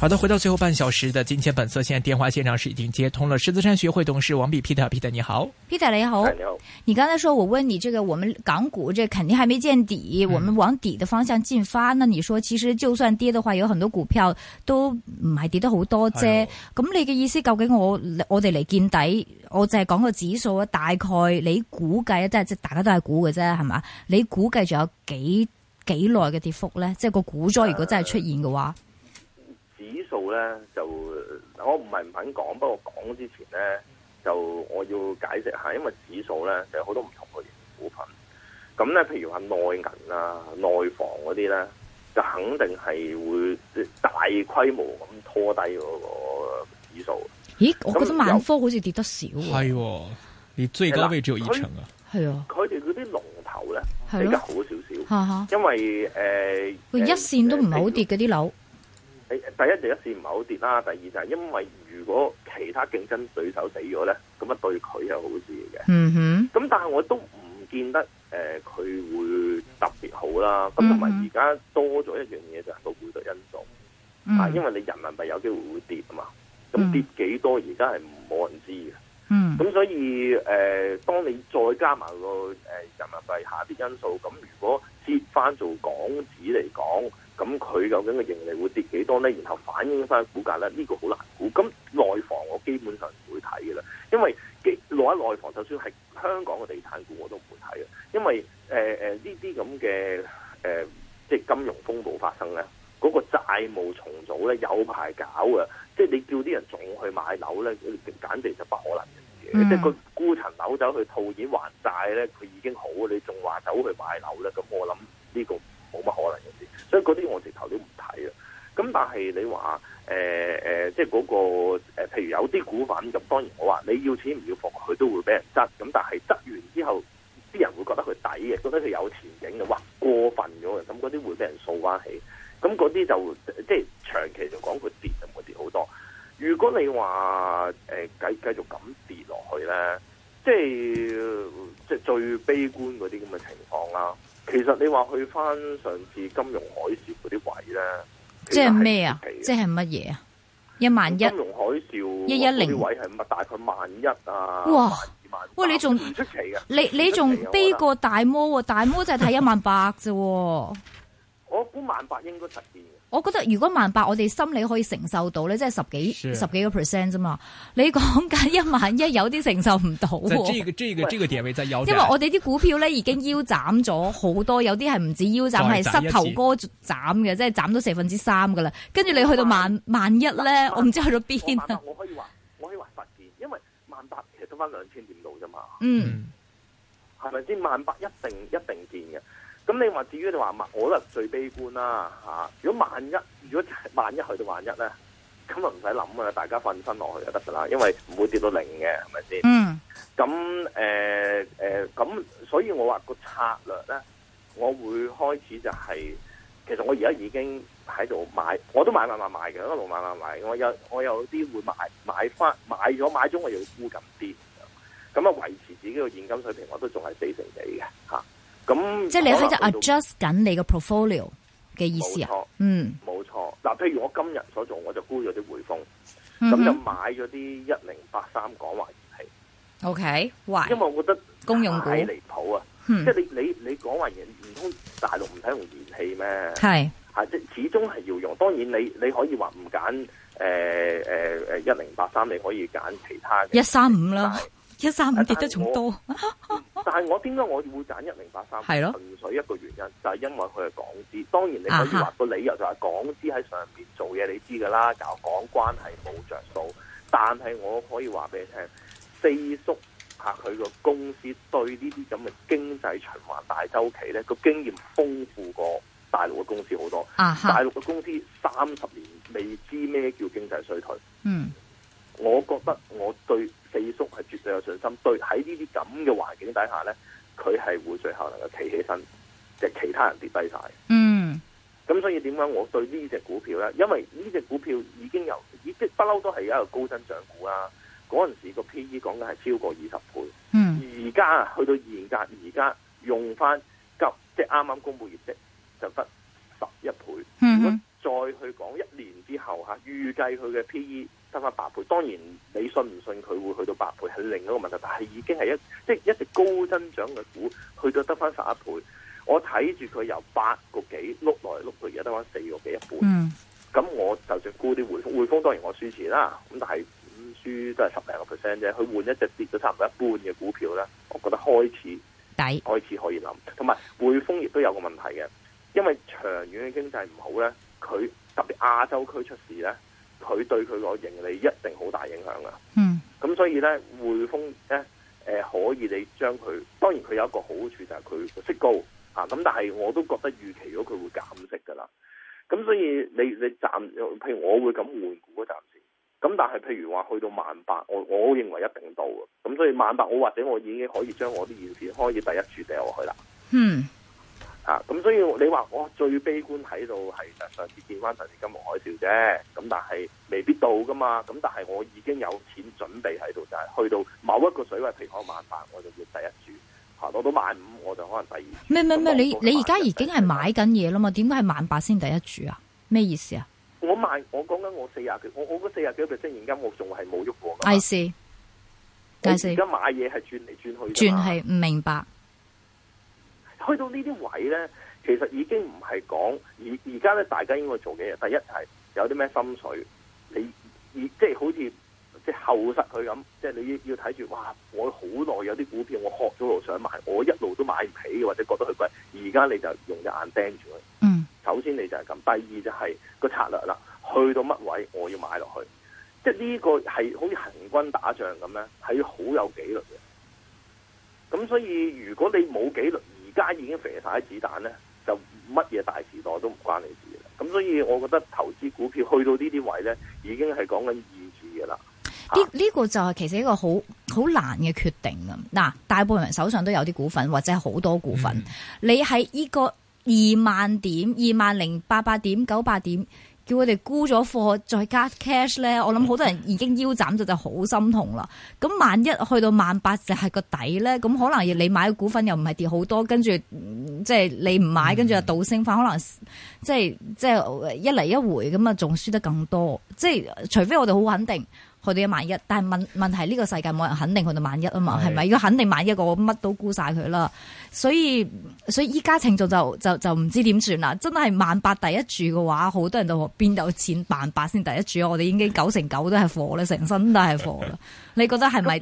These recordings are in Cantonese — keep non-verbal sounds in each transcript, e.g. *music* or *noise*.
好的，回到最後半小時的金錢本色，現在電話現場是已經接通了。獅子山學會董事王弼 Peter，Peter 你好，Peter 你好，你剛才說我問你，這個我們港股這肯定還沒見底，嗯、我們往底的方向進發。那你說，其實就算跌的話，有很多股票都唔係跌得好多啫。咁 Hi, no. 你嘅意思究竟我我哋嚟見底，我淨係講個指數啊，大概你估計啊，即係即係大家都係估嘅啫，係嘛？你估計仲有幾幾耐嘅跌幅呢？即、這、係個股災如果真係出現嘅話。Uh. 數咧就我唔係唔肯講，不過講之前咧就我要解釋下，因為指數咧就有好多唔同嘅股份咁咧，譬如話內銀啊、內房嗰啲咧，就肯定係會大規模咁拖低個指數。咦？那我覺得萬科好似跌得少，啊，係、啊、你最高位只有一成啊。係啊，佢哋嗰啲龍頭咧，啊、比較好少少。啊、因為誒，呃、佢一綫都唔係好跌嗰啲樓。第一就一次唔係好跌啦，第二就係因為如果其他競爭對手死咗咧，咁啊對佢又好事嘅、嗯哼呃。嗯哼。咁但係我都唔見得誒佢會特別好啦。咁同埋而家多咗一樣嘢就係個匯率因素、嗯、啊，因為你人民幣有機會會跌啊嘛。咁跌幾多而家係冇人知嘅。嗯。咁所以誒、呃，當你再加埋、個誒、呃、人民幣下跌因素，咁如果接翻做港紙嚟講，咁佢究竟嘅盈利會跌幾多咧？然後反映翻股價咧，呢、呢個好難估。咁內房我基本上唔會睇嘅啦，因為落喺一內房就算係香港嘅地產股我都唔會睇啊。因為呢啲咁嘅即係金融風暴發生咧，嗰、嗰個債務重組咧有排搞嘅。即係你叫啲人仲去買樓咧，簡直就不可能嘅嘢。嗯、即係佢嗰層樓走去套現還債咧，佢已經好，你仲話走去買樓咧？咁我諗呢、呢個。冇乜可能嘅事，所以嗰啲我直頭都唔睇啊。咁但係你話誒誒，即係嗰個誒，譬如有啲股份，咁當然我話你要錢唔要貨，佢都會俾人執。咁但係執完之後，啲人會覺得佢抵嘅，覺得佢有前景嘅，哇過分咗嘅，咁嗰啲會俾人掃翻起。咁嗰啲就即係長期就講佢跌就唔會跌好多。如果你話誒繼繼續咁跌落去咧，即係即係最悲觀嗰啲咁嘅情況啦。其實你話去翻上次金融海嘯啲位咧，即係咩啊？即係乜嘢啊？一萬一，金融海嘯一一零位係咁大概萬一啊？哇！喂，你仲唔出奇啊？你你仲悲過大摩？ *laughs* 大摩就係睇一萬八啫。我估萬八應該實現。我覺得如果萬八，我哋心理可以承受到咧，即係十幾是十幾個 percent 啫嘛。你講緊一萬一有啲承受唔到。即係呢個個個地位就有。因為我哋啲股票咧已經腰斬咗好多，有啲係唔止腰斬，係膝頭哥斬嘅，即係斬到四分之三噶啦。跟住你去到11 00, 11 00, 萬萬一咧，我唔知去到邊我萬八,我可以話，我可以話發，因為萬八其實得翻兩千點度啫嘛。嗯，係咪先？萬八一定一定見嘅。咁你話至於你話，我覺得最悲觀啦吓。如果萬一，如果萬一去到萬一咧，咁啊唔使諗啊，大家瞓身落去就得噶啦，因為唔會跌到零嘅，係咪先？嗯。咁誒誒，咁、呃呃、所以我話個策略咧，我會開始就係、是，其實我而家已經喺度買，我都買慢慢買都買買嘅，一路買買買。我有我有啲會買買翻，買咗買咗，我又會沽咁啲。咁啊，維持自己個現金水平，我都仲係四成幾嘅吓。咁那即係你喺度 adjust 緊你個 portfolio 嘅意思啊？沒錯嗯，冇錯。嗱，譬如我今日所做，我就估咗啲匯豐，咁、嗯、哼就買咗啲一零八三港華燃氣。O Okay , K，why? 因為我覺得離譜公用股係離譜啊！嗯、即係你你你港華唔通大陸唔使用燃氣咩？係吓是，即始終係要用。當然你你可以話唔揀，誒誒誒一零八三，你可以揀、呃呃、其他嘅一三五啦。135< 了>一三五跌得仲多，1 1, 3, 5, 但係我點解我會揀一零八三？係咯，純粹一個原因就係、是、因為佢係港資。當然你可以話個、啊、哈理由就係港資喺上邊做嘢，你知噶啦，搞、就、港、是、關係冇着數。但係我可以話俾你聽，四叔吓佢個公司對呢啲咁嘅經濟循環大周期咧個經驗豐富過大陸嘅公司好多。啊、哈大陸嘅公司三十年未知咩叫經濟衰退。嗯，我覺得我對。四叔係絕對有信心對喺呢啲咁嘅環境底下咧，佢係會最後能夠企起身，即係其他人跌低晒。嗯，咁所以點解我對呢隻股票咧？因為呢隻股票已經由已經不嬲都係一個高增長股啦、啊。嗰陣時個 P E 講緊係超過二十倍。嗯、mm.，而家啊去到現價，而家用翻急，即係啱啱公布業績就不。預計佢嘅 PE 得翻八倍，當然你信唔信佢會去到八倍係另一個問題，但係已經係一即係一隻高增長嘅股，去到得翻十一倍。我睇住佢由八個幾碌來碌去，而家得翻四個幾一半。咁、嗯、我就算沽啲匯匯豐，當然我輸錢啦。咁但係輸都係十零個 percent 啫。佢換一隻跌咗差唔多一半嘅股票咧，我覺得開始抵，低開始可以諗。同埋匯豐亦都有個問題嘅，因為長遠嘅經濟唔好咧，佢。特別亞洲區出事咧，佢對佢個盈利一定好大影響噶。嗯，咁所以咧，匯豐咧，誒、呃，可以你將佢，當然佢有一個好處就係佢息高啊，咁但係我都覺得預期咗佢會減息噶啦。咁所以你你暫，譬如我會咁換股暫時，咁但係譬如話去到萬八，我我認為一定到㗎。咁所以萬八，我或者我已經可以將我啲現錢可以第一注俾我去啦。嗯。咁、啊、所以你話我最悲觀喺度係，上次見翻上次金融海嘯啫，咁但係未必到噶嘛，咁但係我已經有錢準備喺度，就係、是、去到某一個水位，譬如我萬八，我就要第一注，吓攞到萬五，我就可能第二。你而家 1, 1, 已經係買緊嘢啦嘛？點解係萬八先第一注啊？咩意思啊？我賣，我講緊我四廿幾，我我嗰四廿幾 percent 現金，我仲係冇喐過。解釋，解釋而家買嘢係轉嚟轉去，轉係唔明白。去到這些置呢啲位咧，其實已經唔係講而而家咧，大家應該做嘅嘢。第一係有啲咩心水，你即係、就是、好似即係後實佢咁，即、就、係、是、你要要睇住。哇！我好耐有啲股票，我學咗路想買，我一路都買唔起，或者覺得佢貴。而家你就用隻眼盯住佢。嗯，首先你就係咁。第二就係個策略啦，去到乜位我要買落去，即係呢個係好似行軍打仗咁咧，係好有紀律嘅。咁所以如果你冇紀律，而家已經肥曬啲子彈咧，就乜嘢大時代都唔關你事啦。咁所以，我覺得投資股票去到呢啲位咧，已經係講緊二次啦。呢呢、這個就係其實一個好好難嘅決定啊！嗱，大部分人手上都有啲股份或者好多股份，嗯、你喺呢個二萬點、二萬零八百點、九百點。叫佢哋沽咗貨，再加 cash 咧，我諗好多人已經腰斬咗，就好心痛啦。咁萬一去到萬八就係個底咧，咁可能你買嘅股份又唔係跌好多，跟住即係你唔買，跟住就倒升翻，嗯、可能即係即係一嚟一回咁啊，仲輸得更多。即係除非我哋好肯定。去到一萬一，但係問問題，呢個世界冇人肯定去到萬一啊嘛，係咪的？如果肯定一萬一個，我乜都估晒佢啦。所以所以依家情況就就就唔知點算啦。真係萬八第一注嘅話，好多人都話邊度錢萬八先第一注。我哋已經九成九都係火啦，成身都係火啦。你覺得係咪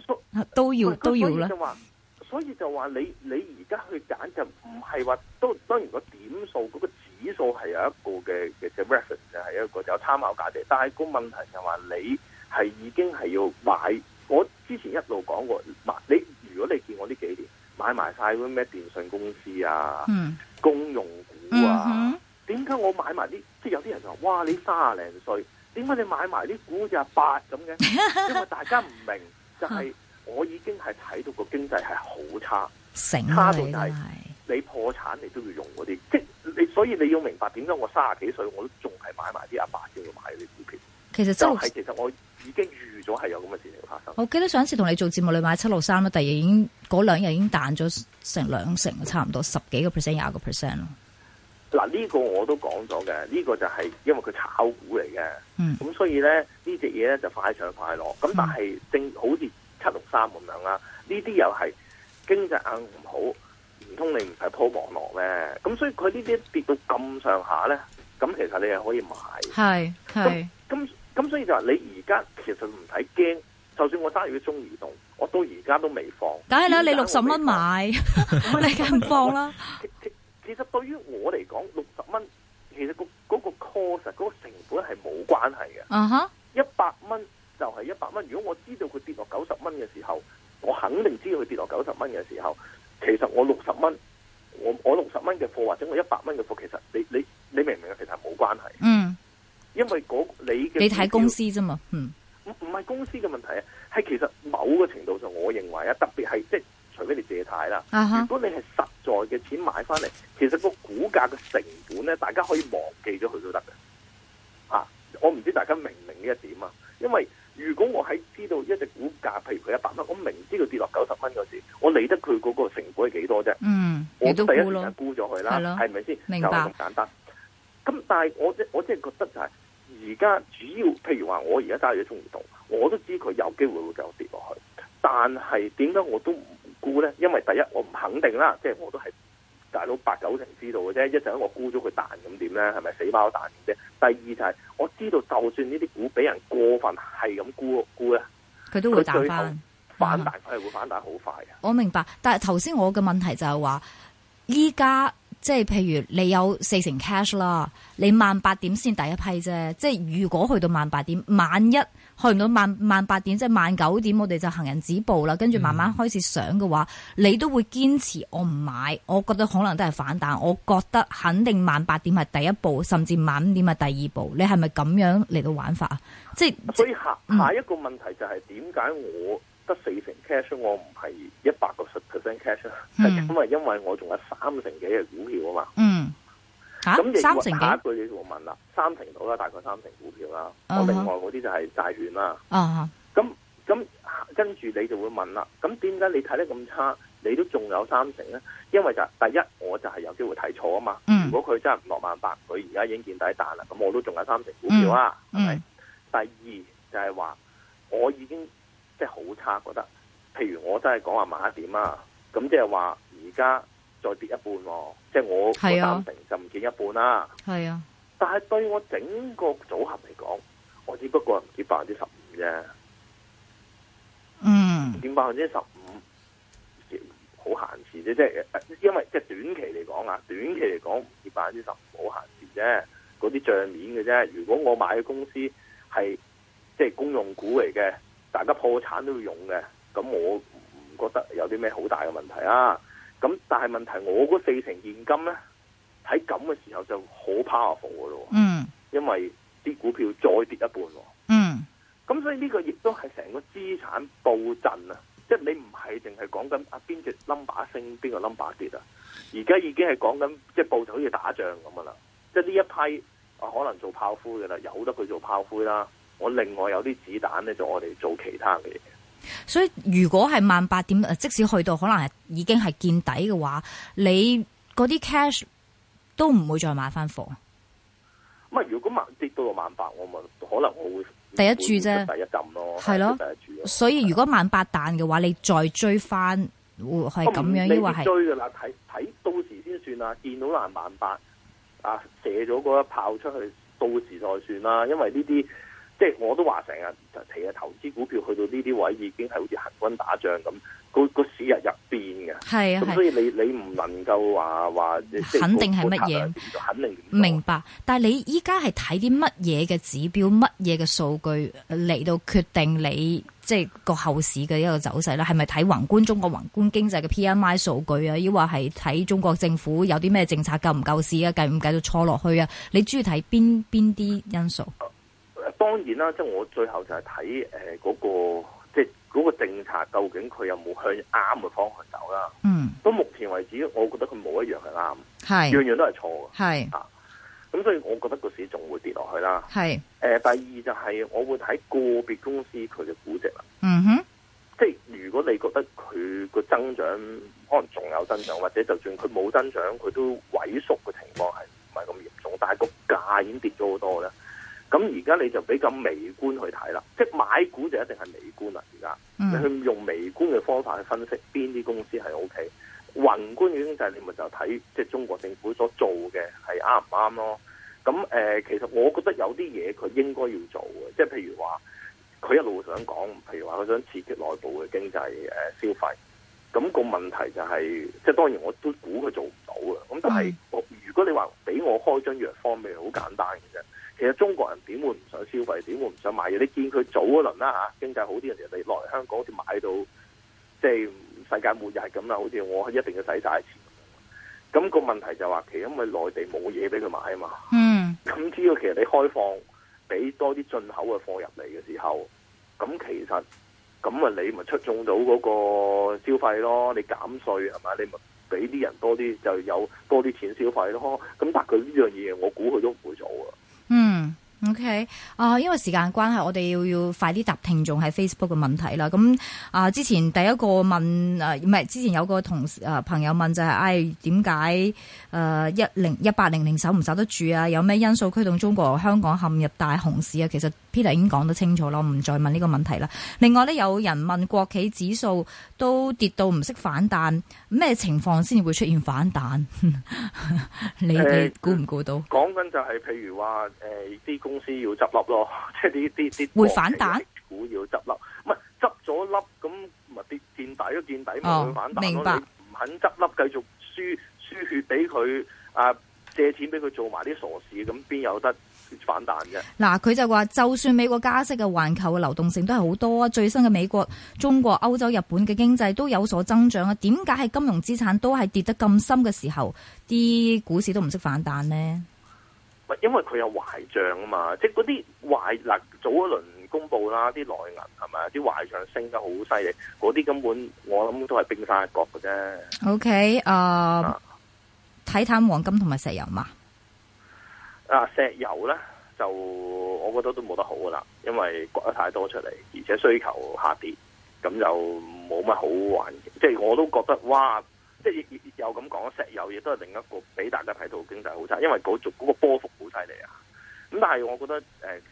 都要都要咧？所以就話，所以就話你你而家去揀就唔係話都當然個點數嗰個指數係有一個嘅嘅 reference 就係一個有參考價值，但係個問題就係話你。係已經係要買，我之前一路講過，買你如果你見我呢幾年買埋晒啲咩電信公司啊、嗯、公用股啊，點解、嗯、哼我買埋啲？即係有啲人就話：哇，你卅零歲，點解你買埋啲股似阿爸咁嘅？ *laughs* 因為大家唔明，就係、是、我已經係睇到個經濟係好差，成 *laughs* 差到底，就是。是你破產你都要用嗰啲，即你所以你要明白點解我卅幾歲我都仲係買埋啲阿爸先要買啲股票。其實就係、是就是，其實我。即預咗係有咁嘅事情發生。我記得上一次同你做節目，你買七六三啦，第二日已經嗰兩日已經彈咗成兩成，差唔多十幾個 percent、廿個 percent 咯。嗱，呢個我都講咗嘅。呢、這個就係因為佢炒股嚟嘅。咁、嗯、所以咧，呢隻嘢咧就快上快落。咁但係正好似七六三咁樣啦，呢啲又係經濟硬唔好，唔通你唔係鋪網絡咩？咁所以佢呢啲跌到咁上下咧，咁其實你係可以買。係係。咁。咁所以就話你而家其實唔使驚，就算我揸住個中移動，我到而家都未放。梗係啦，你六十蚊買， *laughs* 你梗唔放啦。其其其實對於我嚟講，六十蚊其實個嗰個 cost 嗰個成本係冇關係嘅。啊一百蚊就係一百蚊。如果我知道佢跌落九十蚊嘅時候，我肯定知道佢跌落九十蚊嘅時候，其實我六十蚊，我我六十蚊嘅貨或者我一百蚊嘅貨，其實你你你明唔明啊？其實係冇關係。嗯。因為你嘅你睇公司啫嘛，嗯，唔唔係公司嘅問題啊，係其實某個程度上，我認為啊，特別係即係除非你借貸啦，如果你係實在嘅錢買翻嚟，其實個股價嘅成本咧，大家可以忘記咗佢都得嘅。啊，我唔知大家明唔明呢一點啊？因為如果我喺知道一隻股價，譬如佢一百蚊，我明知佢跌落九十蚊嗰時，我理得佢嗰個成本係幾多啫？嗯，我，都我第一時間沽咗佢啦，係咪先？明白，咁簡單。咁但係我即我即係覺得就係、是。而家主要譬如話，我而家揸住中移動，我都知佢有機會會繼續跌落去。但係點解我都唔沽咧？因為第一，我唔肯定啦，即係我都係大佬八九成知道嘅啫。一陣我沽咗佢彈，咁點咧？係咪死貓彈啫？第二就係、是、我知道，就算呢啲股俾人過分係咁沽沽咧，佢都會彈翻，反彈佢係會反彈好快嘅。我明白，但係頭先我嘅問題就係話，依家。即係譬如你有四成 cash 啦，你萬八點先第一批啫。即係如果去到萬八點，萬一去唔到萬萬八點，即係萬九點，我哋就行人止步啦。跟住慢慢開始上嘅話，嗯、你都會堅持我唔買。我覺得可能都係反彈，我覺得肯定萬八點係第一步，甚至萬五點係第二步。你係咪咁樣嚟到玩法啊？即係所以下、嗯、下一個問題就係點解我？得四成 cash，我唔係一百個十 percent cash，因為因為我仲有三成幾嘅股票啊嘛。嗯，咁、啊、三成下一句你就會問啦，三成到啦，大概三成股票啦。Uh huh. 我另外嗰啲就係債券啦。咁咁、uh huh. 跟住你就會問啦，咁點解你睇得咁差，你都仲有三成咧？因為就係、第一，我就係有機會睇錯啊嘛。嗯、如果佢真係唔落萬八，佢而家已經見底彈啦，咁我都仲有三成股票啊。嗯，係咪嗯第二就係、是、話我已經。即係好差，覺得，譬如我真係講話買一點啊，咁即係話而家再跌一半，即係我個暫停就唔見一半啦。係啊，是啊，但係對我整個組合嚟講，我只不過係唔跌百分之十五啫。嗯，跌百分之十五好閒事啫，即係因為即係短期嚟講啊，短期嚟講唔跌百分之十五好閒事啫，嗰啲賬面嘅啫。如果我買嘅公司係即係公用股嚟嘅。大家破產都要用嘅，咁我唔覺得有啲咩好大嘅問題啊！咁但係問題，我嗰四成現金咧，喺咁嘅時候就好 powerful 嘅咯。嗯，mm. 因為啲股票再跌一半。嗯，咁所以呢個亦都係成個資產暴震啊！即係你唔係淨係講緊啊邊隻 number 升，邊個 number 跌啊？而家已經係講緊即係暴震，好似打仗咁嘅啦！即係呢一批啊，可能做炮灰嘅啦，由得佢做炮灰啦。我另外有啲子彈咧，就我哋做其他嘅嘢。所以如果係萬八點，即使去到可能係已經係見底嘅話，你嗰啲 cash 都唔會再買翻貨。唔如果萬跌到萬八，我咪可能我會第一注啫，第一浸咯，係咯的。第一所以如果萬八彈嘅話，你再追翻會係咁樣，因為係追嘅啦，睇睇到時先算啦。見到嗱萬八啊，射咗嗰一炮出去，到時再算啦。因為呢啲。即係我都話成日提啊，投資股票去到呢啲位已經係好似行軍打仗咁，個、那個市日日變嘅。係是啊，所以你你唔能夠話話肯定係乜嘢？肯定明白，但係你依家係睇啲乜嘢嘅指標，乜嘢嘅數據嚟到決定你即係、就是、個後市嘅一個走勢啦。係咪睇宏觀中國宏觀經濟嘅 P M I 數據啊？抑或係睇中國政府有啲咩政策夠唔夠市啊？繼唔繼續錯落去啊？你鍾意睇邊邊啲因素？當然啦，即係我最後就係睇誒嗰個即係個政策，究竟佢有冇向啱嘅方向走啦？嗯，到目前為止，我覺得佢冇一樣係啱，係樣是樣都係錯嘅，係是啊。咁所以我覺得個市仲會跌落去啦。係誒是、呃，第二就係我會睇個別公司佢嘅估值啦。嗯哼，即係如果你覺得佢個增長可能仲有增長，或者就算佢冇增長，佢都萎縮嘅情況係唔係咁嚴重，但係個價已經跌咗好多咧。咁而家你就比較微觀去睇啦，即係買股就一定係微觀啦。而家你去用微觀嘅方法去分析邊啲公司係 OK，宏觀嘅經濟你咪就睇即係中國政府所做嘅係啱唔啱咯。咁、呃、其實我覺得有啲嘢佢應該要做嘅，即譬如話佢一路想講，譬如話佢想刺激內部嘅經濟、呃、消費。咁、個問題就係、是，即係當然我都估佢做唔到嘅。咁但係，是的 如果你話俾我開張藥方，咪好簡單嘅啫。其實中國人點會唔想消費，點會唔想買嘢？你見佢早嗰輪啦吓，經濟好啲人哋落嚟香港，好似買到即係世界末日係咁啦，好似我一定要使晒錢。咁、嗰個問題就係話，其實因為內地冇嘢俾佢買啊嘛。嗯。咁、嗯、只要其實你開放，俾多啲進口嘅貨入嚟嘅時候，咁其實咁啊，那你咪促進到嗰個消費咯。你減稅係咪？你咪俾啲人多啲，就有多啲錢消費咯。咁但係佢呢樣嘢，我估佢都唔會做啊。O.K. 啊、呃，因為時間關係，我哋要要快啲答聽眾喺 Facebook 嘅問題啦。咁、嗯、啊、呃，之前第一個問啊，唔、呃、係之前有個同事啊、呃、朋友問就係、是，哎，點解誒一零一八零零守唔守得住啊？有咩因素驅動中國香港陷入大熊市啊？其實。Peter 已經講得清楚啦，我唔再問呢個問題啦。另外咧，有人問國企指數都跌到唔識反彈，咩情況先至會出現反彈？ *laughs* 你哋估唔估到？講緊、呃、就係譬如話，誒、呃，啲公司要執笠咯，即係呢啲啲會反彈股要執笠，唔係執咗笠，咁咪跌見底都見底，唔會反彈、哦、明白？唔肯執笠，繼續輸輸血俾佢，啊，借錢俾佢做埋啲傻事，咁邊有得？反彈嘅嗱，佢、啊、就話就算美國加息嘅環球嘅流動性都係好多啊，最新嘅美國、中國、歐洲、日本嘅經濟都有所增長啊，點解喺金融資產都係跌得咁深嘅時候，啲股市都唔識反彈呢？因為佢有壞賬啊嘛，即係嗰啲壞賬嗱早一輪公布啦，啲內銀係咪啲壞賬升得好犀利？嗰啲根本我諗都係冰山一角嘅啫。OK，誒、啊，睇淡、啊、黃金同埋石油嘛。啊，石油咧就我覺得都冇得好噶啦，因為割得太多出嚟，而且需求下跌，咁就冇乜好玩嘅。即係我都覺得，哇！即係有咁講，石油亦都係另一個俾大家睇到經濟好差，因為嗰個波幅好犀利啊。咁但係我覺得，誒，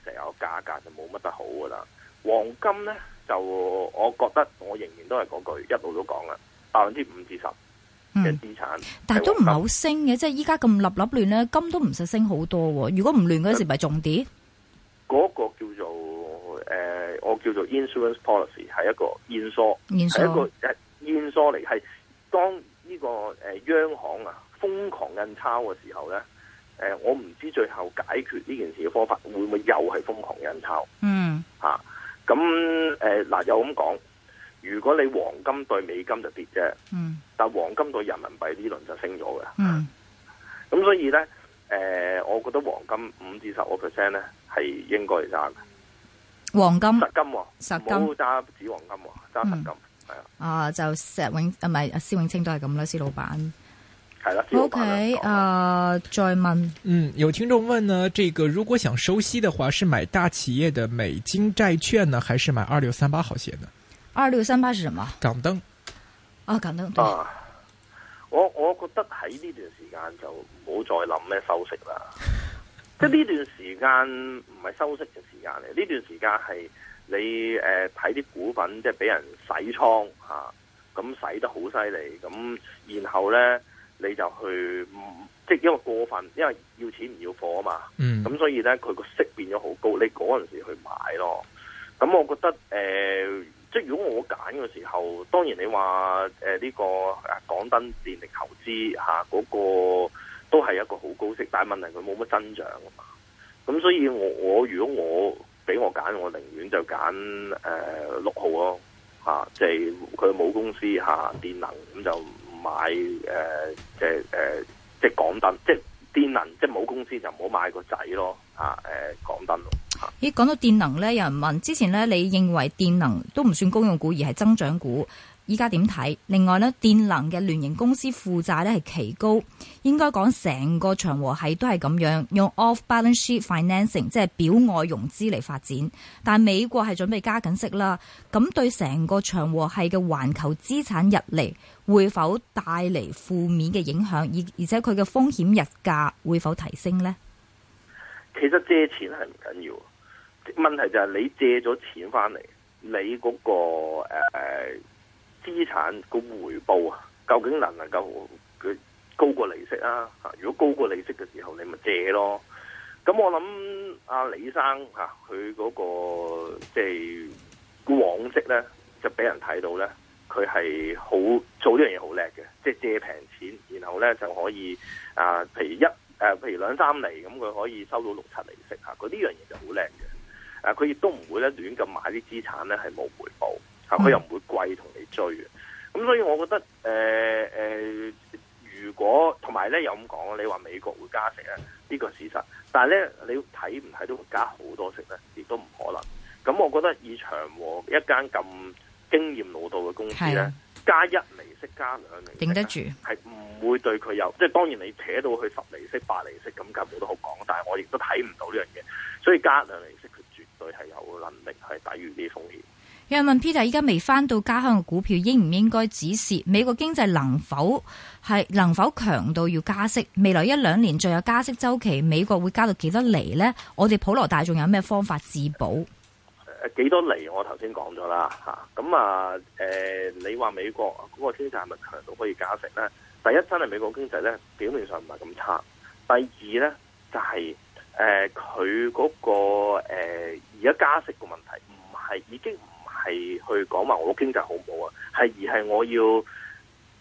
石油價格就冇乜得好噶啦。黃金咧就我覺得我仍然都係嗰句，一路都講啦，百分之五至十。嘅資產，嗯、但係都唔係好升嘅，即係依家咁立立亂咧，金都唔實升好多。如果唔亂嗰時咪重跌。嗰個叫做誒、呃，我叫做 insurance policy，係一個險疏，係一個誒險疏嚟，係當呢個誒央行啊瘋狂印鈔嘅時候咧，誒、呃、我唔知最後解決呢件事嘅方法會唔會又係瘋狂印鈔。嗯，吓咁誒嗱，又咁講，如果你黃金對美金就跌啫。嗯。但黃金對人民幣呢輪就升咗嘅，嗯，咁、嗯、所以咧，誒、呃，我覺得黃金五至十個 percent 咧係應該揸嘅。黃金，實金、哦、金，實金、哦、金，冇揸紙黃金，揸實金的，係啊。啊，就石永唔係啊，施永青都係咁啦，施老闆，係啦，O K，啊，再問，嗯，有聽眾問呢，呢、這個如果想收息嘅話，係買大企業嘅美金債券呢，還是買二六三八好些呢？二六三八係什麼？港燈。啊咁樣，簡單不啊，我我覺得喺呢段時間就唔好再諗咩收息啦。嗯、即係呢段時間唔係收息嘅時間嚟，呢段時間係你誒睇啲股份，即係俾人洗倉吓，咁、啊、洗得好犀利，咁然後咧你就去，嗯、即係因為過分，因為要錢唔要貨啊嘛。咁、嗯、所以咧，佢個息變咗好高，你嗰陣時去買咯。咁我覺得誒。呃即係如果我揀嘅時候，當然你話誒呢個港燈電力投資嚇嗰、啊嗰個都係一個好高息，但係問題佢冇乜增長啊嘛。咁所以我我如果我俾我揀，我寧願就揀誒六號咯嚇，即係佢冇公司嚇、啊、電能，咁就買誒誒誒即係、呃、港燈即。電能即係冇公司就唔好買個仔咯，啊，誒、呃，講得咯。咦、啊，講到電能咧，有人問之前咧，你認為電能都唔算公用股而係增長股？依家點睇？另外咧，電能嘅聯營公司負債咧係奇高，應該講成個長和系都係咁樣用 off-balance sheet financing，即係表外融資嚟發展。但美國係準備加緊息啦，咁對成個長和系嘅環球資產入嚟，會否帶嚟負面嘅影響？而而且佢嘅風險溢價會否提升呢？其實借錢係唔緊要，問題就係你借咗錢翻嚟，你嗰、那個誒誒。呃資產個回報啊，究竟能唔能夠佢高過利息啊？如果高過利息嘅時候，你咪借咯。咁、嗯、我諗阿李生嚇，佢、啊、嗰、那個即係往績咧，就俾、是、人睇到咧，佢係好做呢樣嘢好叻嘅，即、就、係、是、借平錢，然後咧就可以啊，譬如一誒、啊、譬如兩三厘咁佢、嗯、可以收到六七利息啊！佢呢樣嘢就好靚嘅，啊佢亦都唔會咧亂咁買啲資產咧，係冇回報。佢、嗯、又唔會貴同你追嘅，咁所以我覺得誒誒、呃呃，如果同埋咧有咁講，你話美國會加息咧，呢個係事實，但係咧你睇唔睇到會加好多息咧，亦都唔可能。咁我覺得以長和一間咁經驗老道嘅公司咧，加一厘息加兩厘，頂得住，係唔會對佢有，即係當然你扯到去十厘息八厘息咁，佢冇得好講，但係我亦都睇唔到呢樣嘢，所以加兩厘息，佢絕對係有能力係抵禦啲風險。有人問 Peter，依家未翻到家鄉嘅股票，應唔應該止蝕？美國經濟能否係能否強到要加息？未來一兩年再有加息周期，美國會加到幾多厘呢？我哋普羅大眾有咩方法自保？誒，幾多厘？我頭先講咗啦，吓咁啊，誒，你話美國嗰個經濟係咪強到可以加息呢？第一，真係美國經濟呢，表面上唔係咁差。第二呢，就係、是、誒，佢、呃、嗰、嗰個誒而家加息嘅問題，唔係已經。係去講埋我的經濟好唔好啊？係，而係我要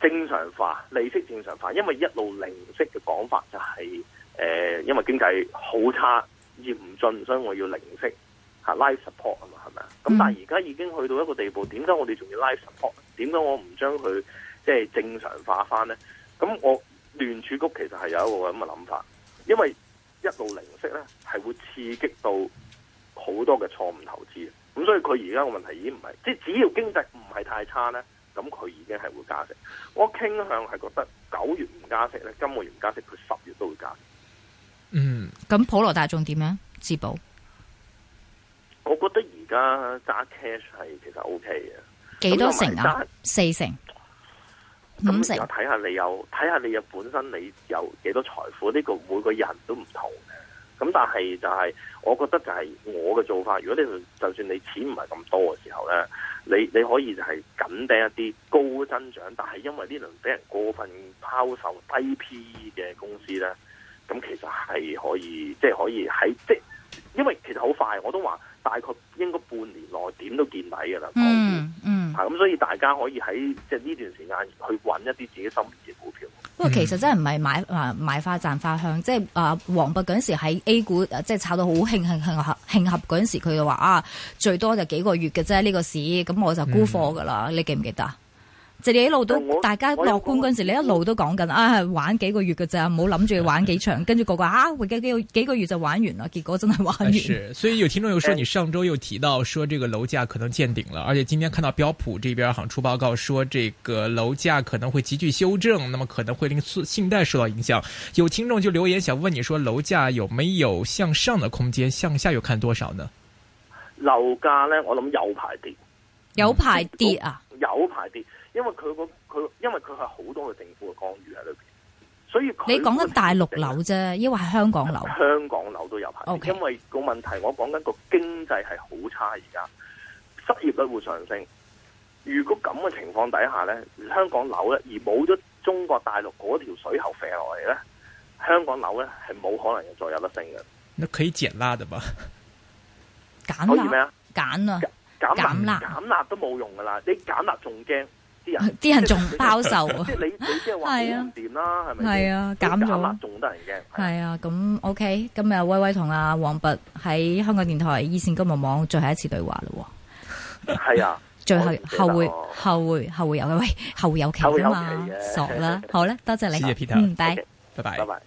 正常化，利息正常化，因為一路零息嘅講法就係、是、誒、呃，因為經濟好差、嚴峻，所以我要零息吓、啊，life support 啊嘛，係咪啊？咁但係而家已經去到一個地步，點解我哋仲要 life support？點解我唔將佢即係正常化翻咧？咁我聯儲局其實係有一個咁嘅諗法，因為一路零息咧係會刺激到好多嘅錯誤投資。咁所以佢而家個問題已經唔係，即係只要經濟唔係太差咧，咁佢已經係會加息。我傾向係覺得九月唔加息咧，今個月唔加息，佢十月都會加息。嗯，咁普羅大眾點樣自保？我覺得而家揸 cash 係其實 O K 嘅，幾多成啊？就是，四成、五成，睇下你有，睇下你有本身你有幾多財富，呢、這個每個人都唔同嘅。咁但係就係，我覺得就係我嘅做法。如果你就算你錢唔係咁多嘅時候咧，你你可以係緊盯一啲高增長，但係因為呢輪俾人過分拋售低 PE 嘅公司咧，咁其實係可以，即係可以喺即係，因為其實好快，我都話大概應該半年內點都見底㗎啦。嗯。嗯。咁、啊、所以大家可以喺即係呢段時間去揾一啲自己心儀嘅股票。不過、嗯、其實真係唔係買啊買花讚花香，即係啊王弼嗰陣時喺 A 股即係炒到好慶慶慶合慶合嗰陣時，佢就話啊最多就幾個月嘅啫呢個市，咁我就沽貨㗎啦。嗯、你記唔記得啊？就你一路都大家樂觀嗰陣時，你一路都講緊啊玩幾個月嘅咋，唔好諗住玩幾場 *laughs* 跟住個個啊，幾幾幾幾個月就玩完啦。結果真係玩完。是，所以有聽眾又說，呃、你上週又提到說，這個樓價可能見頂了，而且今天看到標普這邊好像出報告說，這個樓價可能會急劇修正，那麼可能會令信貸受到影響。有聽眾就留言想問你，說樓價有沒有向上的空間？向下又看多少呢？樓價呢，我諗有排跌、嗯啊嗯，有排跌啊，有排跌。因為佢個佢，因為佢係好多嘅政府嘅干預喺裏邊，所以你講緊大陸樓啫，亦或係香港樓，香港樓都有排。Okay. 因為個問題，我講緊個經濟係好差而家，失業率會上升。如果咁嘅情況底下咧，香港樓咧，而冇咗中國大陸嗰條水喉馀落嚟咧，香港樓咧係冇可能再有得升嘅。你可以減辣的吧？減可以咩啊？減啊拉！減辣、減辣都冇用噶啦！你減辣仲驚？啲人仲包售啊！即係你你即係話唔掂啦，係咪？係啊，減咗啦，仲得人驚。係啊，咁 OK，今日威威同阿王弼喺香港電台二線金融網最後一次對話咯。係啊，最後後會後會後會有嘅，喂，後會有期啊嘛，傻啦，好啦，多謝你，唔該，拜拜，拜拜。